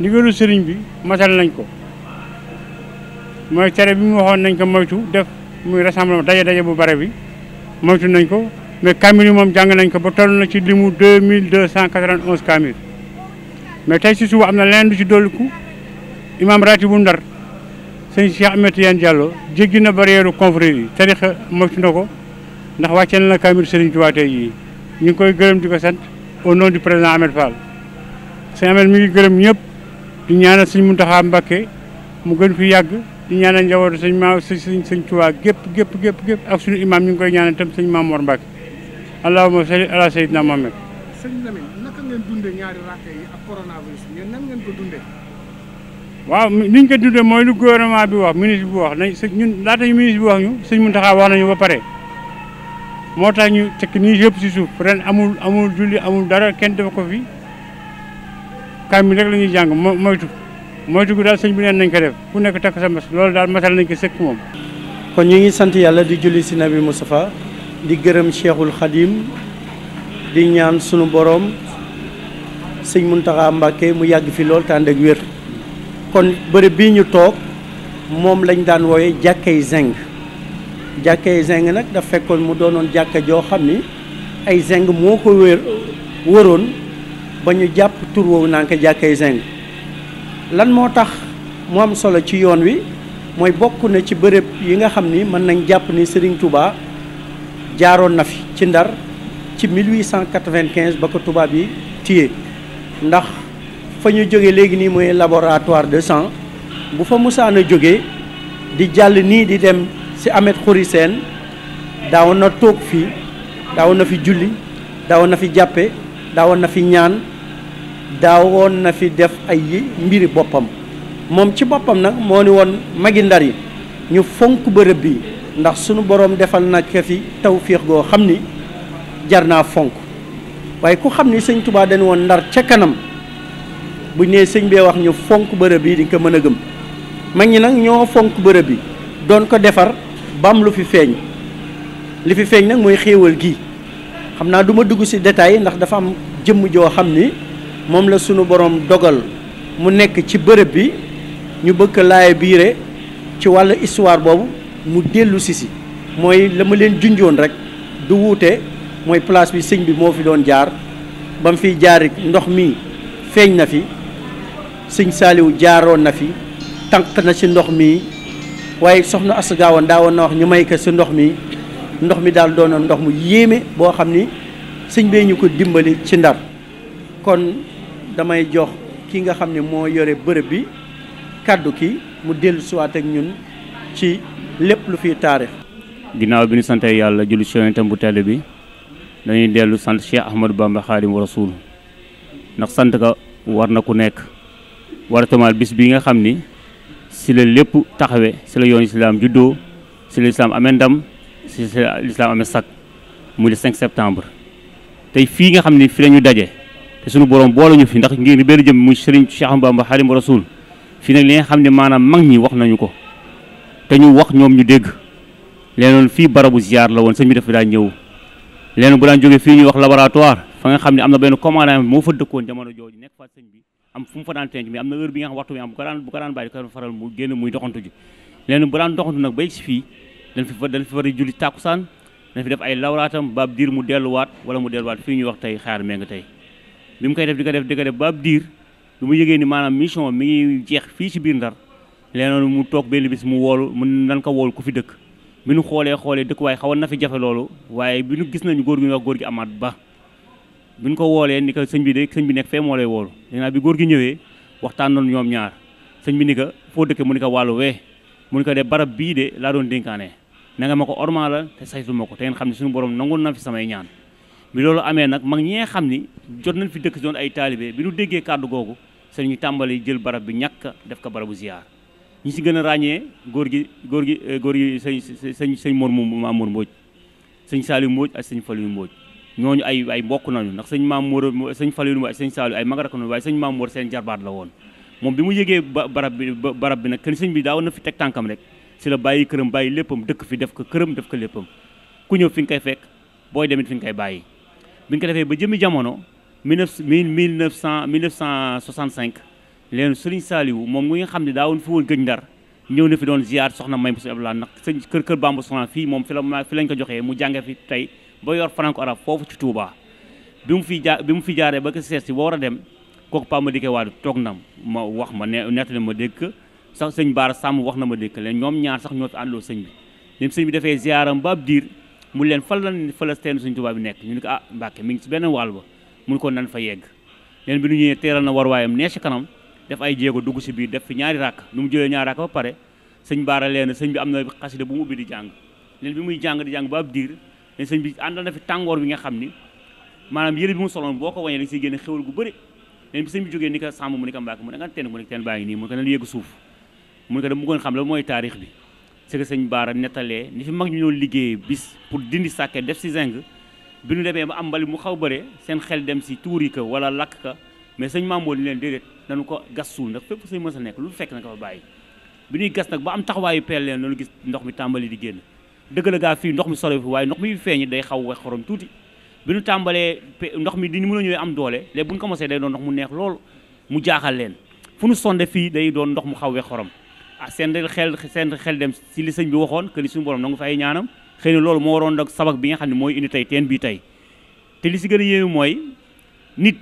ndigalu sëriñ bi matal nañ ko mooy tere bi mu waxoon nañ ko moytu def muy rassemblement daje daje bu bare bi moytu nañ ko mais kamil yi moom jàng nañ ko ba toll na ci limu deux mille deux cent quatre-vingt-onze mais tey si suba am na leneen lu ci dolliku imaam raati bu ndar sëñ Cheikh Ahmed Tidiane Diallo jéggi na barrière confrérie yi tarixa moytu na ko ndax wàcce na kamil sëriñ Tuubaa tey yi ñu ngi koy gërëm di ko sant au nom du président Ahmed Fall sëñ Ahmed mi ngi gërëm ñëpp di ñaanal sëñ Muntaxa Mbakke mu gën fi yàgg di ñaanal njabootu sëñ ma sëñ sëñ Tuubaa gépp gépp gépp gépp ak suñu imaam ñu ngi koy ñaanal itam sëñ Maam Mor Mbakke allahumma salli ala sayyidina naka ngeen dundee ñaari rakk yi ak coronavirus bi yéen nan ko dundee waaw ni ko dundee mooy lu gouvernement bi wax ministre bi wax nañ sëñ ñun laata sëñ Muntaxa wax nañu ba pare moo tax ñu tekk nii yëpp si suuf ren amul amul julli amul dara kenn def ko fi kaamil rek la ñuy jàng moytu moytu gu daal sëñ bu neen nañ ko def ku nekk takk sa mas loolu daal masal nañ ko sëkk moom kon ñu ngi sant yàlla di julli si nabi Moustapha di gërëm cheikhul xadim di ñaan sunu boroom sëñ Muntaxa Mbàkke mu yàgg fi lool te ànd wér kon bërëb bii ñu toog moom lañ daan wooye jàkkay zeng jàkkay zeng nag daf fekkoon mu doonoon jàkk joo xam ni ay zeng moo ko wér wëroon ba ñu jàpp tur woowu naan ko jàkkay Zeng lan moo tax mu am solo ci yoon wi mooy bokk na ci bërëb yi nga xam ni mën nañ jàpp ni Serigne Touba jaaroon na fi ci ndar ci 1895 ba ko tubaab yi téye ndax fa ñu jóge léegi nii mooy laboratoire de sang bu fa musaan jóge di jàll nii di dem si Ahmed Khoury Sène daawoon na toog fii daw na fi julli daw na fi jàppe daawoon na fi ñaan daawoon na fi def ay yi mbiri boppam moom ci boppam nag moo ni woon magi ndar yi ñu fonk bërëb bi ndax sunu borom defal na ko fi tawfiix goo xam ni jar naa fonk waaye ku xam ni sëñ Tuubaa dañu woon ndar ca kanam bu nee sëñ bee wax ñu fonk bërëb bi di ko mën a gëm mag ñi nag ñoo fonk bërëb bi doon ko defar baam lu fi feeñ li fi feeñ nag mooy xéewal gi xam naa duma ma dugg ci détail ndax dafa am jëmm joo xam ni moom la sunu borom dogal mu nekk ci bërëb bi ñu bëkk laay biire ci wàll histoire boobu mu dellusi si mooy la ma leen junjoon rek du wuute mooy place bi sëñ bi moo fi doon jaar ba mu fi jaar ndox mi feeñ na fi sëñ Saaliw jaaroon na fi tànq na ci ndox mi waaye soxna Assa Gawane daawoon na wax ñu may ko si ndox mi ndox mi daal doonoon ndox mu yéeme boo xam ni sëñ bee ñu ko dimbali ci ndar kon damay jox ki nga xam ne moo yore bërëb bi kàddu ki mu dellu siwaat ak ñun ci lépp lu fi taarix ginnaaw bi ñu sante yàlla julli ci yonentam bu tedd bi dañuy dellu sant Cheikh Ahmadou Bamba Xaadimu Rasuul ndax sant ka war na ku nekk war tamaal bis bi nga xam ni si la lépp taxawe si la yoon islaam juddoo si la islaam amee ndam si la islaam amee sakk mu le septembre tey fii nga xam ni fi la daje te suñu borom boole ñu fi ndax ngir benn jëm mu sëriñ Cheikh Ahmadou Bamba Xaadimu Rasuul fi nag li nga xam ne maanaam mag ñi wax nañu ko te ñu wax ñoom ñu dégg leenoon fii barabu ziar la woon sëñ bi dafa daan ñëw leen bu daan jógee fii ñuy wax laboratoire fa nga xam ne am na benn commandant moo fa dëkkoon jamono jooju nekk fa sëñ bi am fu mu fa na heure bi nga xam waxtu bi am bu ko daan bu ko daan bàyyi ko muy doxantu ji leen bu daan doxantu nag ba yegg si fii dañ fi fa dañ a julli tàkkusaan dañ fi def ay lawraatam baab diir mu delluwaat wala mu delluwaat fii ñuy wax tey xaar mee nga tey bi mu koy def di ko def di ko def ba ab diir lu mu yëgee ni maanaam mission mi ngi jeex fii ci biir ndar leenoonu mu toog benn bis mu woolu mu nan ko woolu ku fi dëkk bi nu xoolee xoolee dëkkuwaay xawoon na fi jafe loolu waaye bi nu gis nañu góor gi ñuy wax góor gi amaat ba bi ñu ko woolee ni ko sëñ bi de sëñ bi nekk fee moo lay woolu dinaa bi góor gi ñëwee waxtaan noonu ñoom ñaar sëñ bi ni ko foo dëkkee mu ni ko wàllu wee mu ni ko de barab bii de laa doon dénkaane na nga ma ko ormaa la te saytu ko te xam ne suñu borom nangoon na fi samay ñaan bi loolu amee nag mag ñi nga xam ni jot nañ fi dëkk doon ay taalibe bi ñu déggee kàddu googu seen tàmbali jël barab bi ñàkk def ko barabu ziar ñi si gën a ràññee góor gi góor gi eh, góor gi sëñ sëñ sëñ Mor Mamour Mbodj sëñ Saliou Mbodj ak sëñ Faliou Mbodj ñooñu ay ay mbokk nañu ndax sëñ Mamour sëñ Faliou Mbodj ak sëñ Saliou ay mag rakk nañu waaye sëñ Mamour seen jarbaat la woon moom bi mu yëgee barab bi barab bi nag kenn sëñ bi daawoon na fi teg tànkam rek si la bàyyi këram bàyyi léppam dëkk fi def ko këram def ko léppam ku ñëw fi nga koy fekk booy demit fi nga koy bi ñu ko defee ba jëmi jamono mille neuf cent mille neuf cent soixante-cinq leen Sëriñ Saaliwu moom mi nga xam ne daawoon fi woon gëj ndar ñëw na fi doon ziar soxna may Moussa Abdoulaye ndax sëñ kër kër Bamba Soxna fii moom fi la fi lañ ko joxee mu jànge fi tey ba yor franco arabe foofu ci Touba bi mu fi jaar bi mu fi jaaree ba ko seet si ba war a dem kooku Paa ma dikkee waadu toog na ma wax ma ne nettali ma dégg sax sëñ baar Sàmm wax na ma dégg leen ñoom ñaar sax ñoo fi àndoo sëñ mu leen fal lan fa la teen suñ tubaab bi nekk ñu ne ko ah Mbàkke mi ngi ci benn wàll ba ko nan fa yegg leen bi nu ñëwee teeral na warwaayam nee ci kanam def ay jéego dugg si biir def fi ñaari ràkk nu mu jëlee ñaari ràkk ba pare sëñ baara leen sëñ bi am na xasida bu mu ubbi di jàng leen bi muy jàng di jàng ba ab diir leen sëñ bi àndal na fi tàngoor bi nga xam ni maanaam yëre bi mu soloon boo ko wañee dañ siy génne xéwal gu bëri leen bi sëñ bi jógee ni ko sàmm mu ni ko mooy taarix bi si sëñ Baara nettalee ni fi mag ñu doon liggéeye bis pour dindi sàkke def si zinc bi ñu demee ba am mbali mu xaw bëre seen xel dem si tuuri ka wala lakk ka mais sëñ Maam Mor ni leen déedéet dañu ko gas suul ndax fépp sëñ mës a nekk lu fekk na ko fa bàyyi bi ñuy gas nag ba am taxawaayu peel leen loolu gis ndox mi tàmbali di génn dëgg la gaa fii ndox mi solo fi waaye ndox mi feeñi day xaw wax xorom tuuti bi ñu tàmbalee ndox mi di mën a ñëwee am doole léegi bu ñu commencé day doon ndox mu neex lool mu jaaxal leen fu ñu sonde fii day doon ndox mu xaw wex xorom ah seen xel xel dem si li sëñ bi waxoon que ni suñu borom nangu fa ay ñaanam xëy na loolu moo waroon nag sabab bi nga xam ne mooy indi tey teen bii tey te li si gën a yéeme mooy nit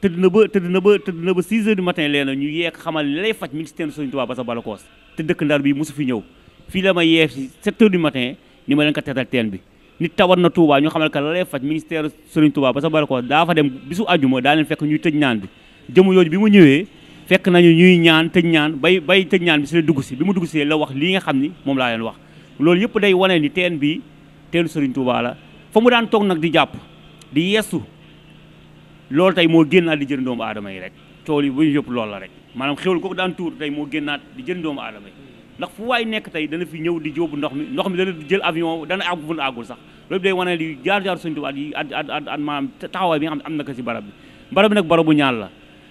tëdd na ba tëdd na ba tëdd na ba 6 heures du matin leena ñu yeeg xamal lay faj mi ngi si Tuubaa ba sa balakoos te dëkk Ndar bi mosu fi ñëw fii la ma yee si 7 matin ni ma leen ko teetal bi nit tawat na Touba ñu xamal ka la lay faj ministère Serigne ba sa barakoos daa fa dem bisu àjjuma daa leen fekk ñuy tëj naan bi jëmu yooju bi ma ñëwee fekk nañu ñuy ñaan tëj ñaan bay bay tëj ñaan bi si la dugg si bi mu dugg si la wax lii nga xam ni moom laa leen wax loolu yëpp day wane ni teen bi teenu Serigne Touba la fa mu daan toog nag di jàpp di yeesu loolu tey moo génnaat di jëriñ doomu aadama yi rek tool yi bu ñu loolu la rek maanaam xéwal ko daan tuur tey moo génnaat di jëriñ doomu aadama yi ndax fu waay nekk tey dana fi ñëw di jóobu ndox mi ndox mi dana jël avion dana àgg fu àggul sax loolu day wane li jaar jaar Serigne Touba at at at maanaam taxawaay bi nga xam ne am na ko si barab bi barab bi nag barabu ñaan la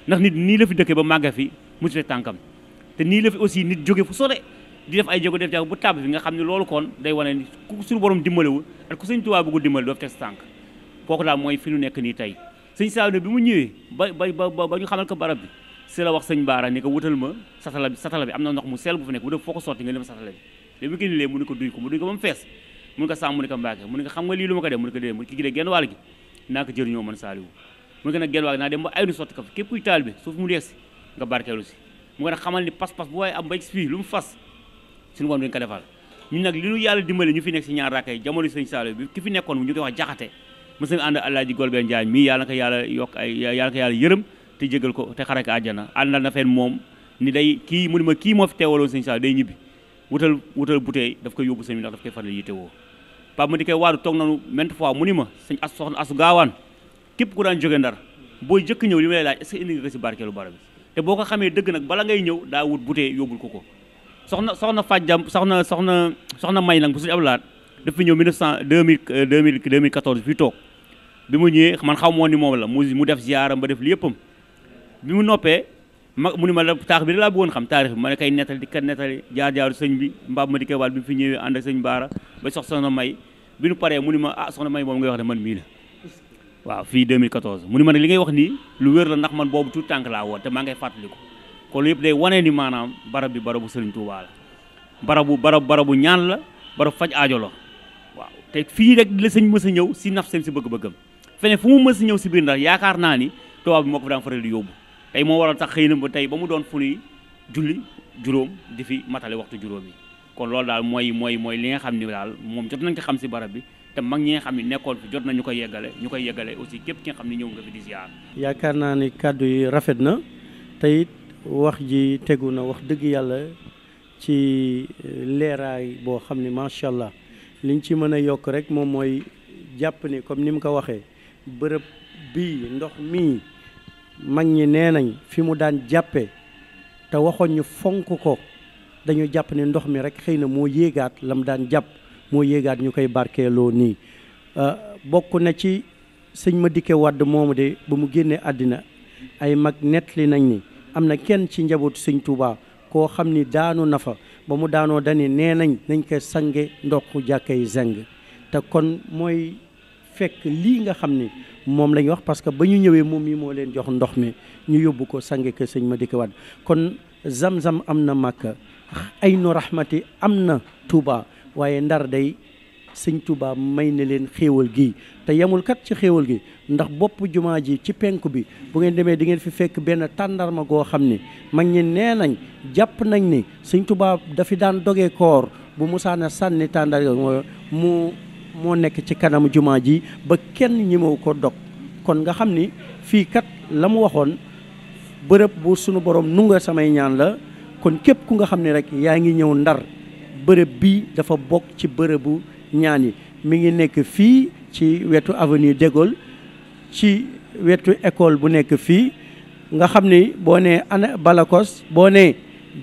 ndax nit nii la fi dëkkee ba màgga fi mu ci tànkam te nii la aussi nit jóge fu sore di def ay jéego def jàg bu tàbb fi nga xam ne loolu kon day wane ni ku suñu borom dimbalewul ak ku sëñ Tuubaa bëggu dimbale doo fi teg sa tànk kooku daal mooy fi nu nekk nii tey sëñ Saliou ne bi mu ñëwee ba ba ba ñu xamal ko barab bi si la wax sëñ Baara ni ko wutal ma satala bi satala bi am na ndox mu sell bu fi nekk bu def foo ko sotti nga lim satala bi léegi mu ko ko duy ko mu duy ko mu fees mu gën a gelwaag naa dem ba ay nu sotti ko fi képp kuy taal bi suuf mu dees nga barkeelu si mu gën a xamal ni pas-pas bu waaye am ba fii lu mu fas suñu borom dañ ko defal ñun nag li ñu yàlla dimbale ñu fi nekk si ñaar rakka yi jamono sëñ Saliou bi ki fi nekkoon bu ñu koy wax jaxate mos nañu ànd Alaaji Golbeen Njaay mii yàlla na ko yàlla yokk ay yàlla na ko yàlla yërëm te jégal ko te xare ko àjjana àndal na fen moom ni day kii mu ne ma kii moo fi teewaloon sëñ Saliou day ñibbi wutal wutal bouteille daf koy yóbbu sëñ bi ndax daf koy faral yittewoo Pape ma di koy waaru toog nanu maintes fois mu ni ma sëñ as soxna asu gaawaan képp ku daan jóge ndar boo jëkk ñëw li may laaj est-ce que indi nga ko si barkeelu barab bi te boo ko xamee dëgg nag bala ngay ñëw daa wut butee yóbbul ko ko soxna soxna fàjjam soxna soxna soxna may nag bu suñu ablaat daf fi ñëw 1900 2000 2014 fii toog bi mu ñëwee man xaw moo ni moom la mu mu def ziaram ba def li yëppam mu noppee ma taax bi da laa bëggoon xam taarix bi ma ne kay nettali di kat nettali jaar ma di koy waal bi mu fi ñëwee ànd ak sëñ baara ba sox soxna may bi nu paree mu ni ma ah soxna may moom ngay wax ne man mii la waaw fii 2014 mu ni ma ne li ngay wax nii lu wér la ndax man boobu tout tànk laa woon te maa ngay fàttaliku kon yëpp day wane ni maanaam barab bi barabu Serigne Touba la barabu barab barabu ñaan la barabu faj aajo waaw te fii rek la sëñ mës a ñëw si naf si bëgg-bëggam fene fu mu mës a ñëw si biir ndax yaakaar naa ni tubaab bi ko fi daan di yóbbu tey moo waral tax xëy na ba tey ba mu doon fu ñuy juróom di fi matale waxtu juróom yi kon loolu daal mooy mooy mooy li nga xam ni daal moom jot nañ ko xam si barab bi te mag ñi nga xam ne nekkoon fi jot nañu ko koy yeggale ñu koy yeggale aussi képp ki nga xam ne ñëw nga fi di ziar. yaakaar naa ni kàddu yi rafet na te wax ji tegu na wax dëgg yàlla ci euh, leeraay boo xam ne macha allah liñ ci mën a yokk rek moom mooy jàpp ni comme ni mu ko waxee bërëb bii ndox mii mag ñi nee nañ fi mu daan jàppe te waxoon ñu fonk ko dañu jàpp ne ndox mi rek xëy na moo yéegaat la mu daan jàpp. moo yéegaat ñu koy barkeeloo nii euh, bokk na ci sëñ ma dikke wadd moomu de ba mu génnee àddina ay mag nettali nañ ni am na kenn ci njabootu sëñ Tuubaa koo xam ni daanu na fa ba mu daanoo dani nee nañ nañ ko sange ndox jàkkay zeng te kon mooy fekk lii nga xam ni moom lañ wax parce que ba ñu ñëwee moom mii moo leen jox ndox mi ñu yóbbu ko sange ko sëñ ma dikke wadd kon zam-zam am na màkka ay nu rahmati am na Tuubaa waaye ndar day sëñ Touba may na leen xéewal gi te yemul kat ci xéewal gi ndax bopp jumaa ji ci penk bi bu ngeen demee di ngeen fi fekk benn tàndarma goo xam ni mag ñi nee nañ jàpp nañ ni sëñ tubaab dafi daan doge koor bu musaana sànni tàndar mooy mu moo nekk ci kanamu jumaa ji ba kenn ñemewu ko dog kon nga xam ni fii kat la mu waxoon bërëb bu sunu borom nu nga samay ñaan la kon képp ku nga xam ne rek yaa ngi ñëw ndar bërëb bii dafa bokk ci bërëbu ñaan yi mi ngi nekk fii ci wetu avenue de ci wetu école bu nekk fii nga xam ni boo nee ana Balakos boo nee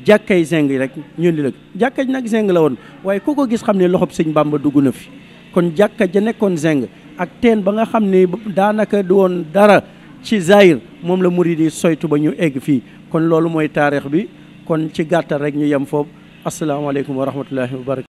jàkkay yi rek ñu ni la jàkka ji nag zeng la woon waaye ku ko gis xam ne loxob sëñ Bàmba dugg na fi kon jàkka ja nekkoon sing ak teen ba nga xam ne daanaka du woon dara ci Zahir moom la murid soytu ba ñu egg fii kon loolu mooy taarix bi kon ci gàttal rek ñu yem foofu asalaamaaleykum wa rahmatullahi wa barakatu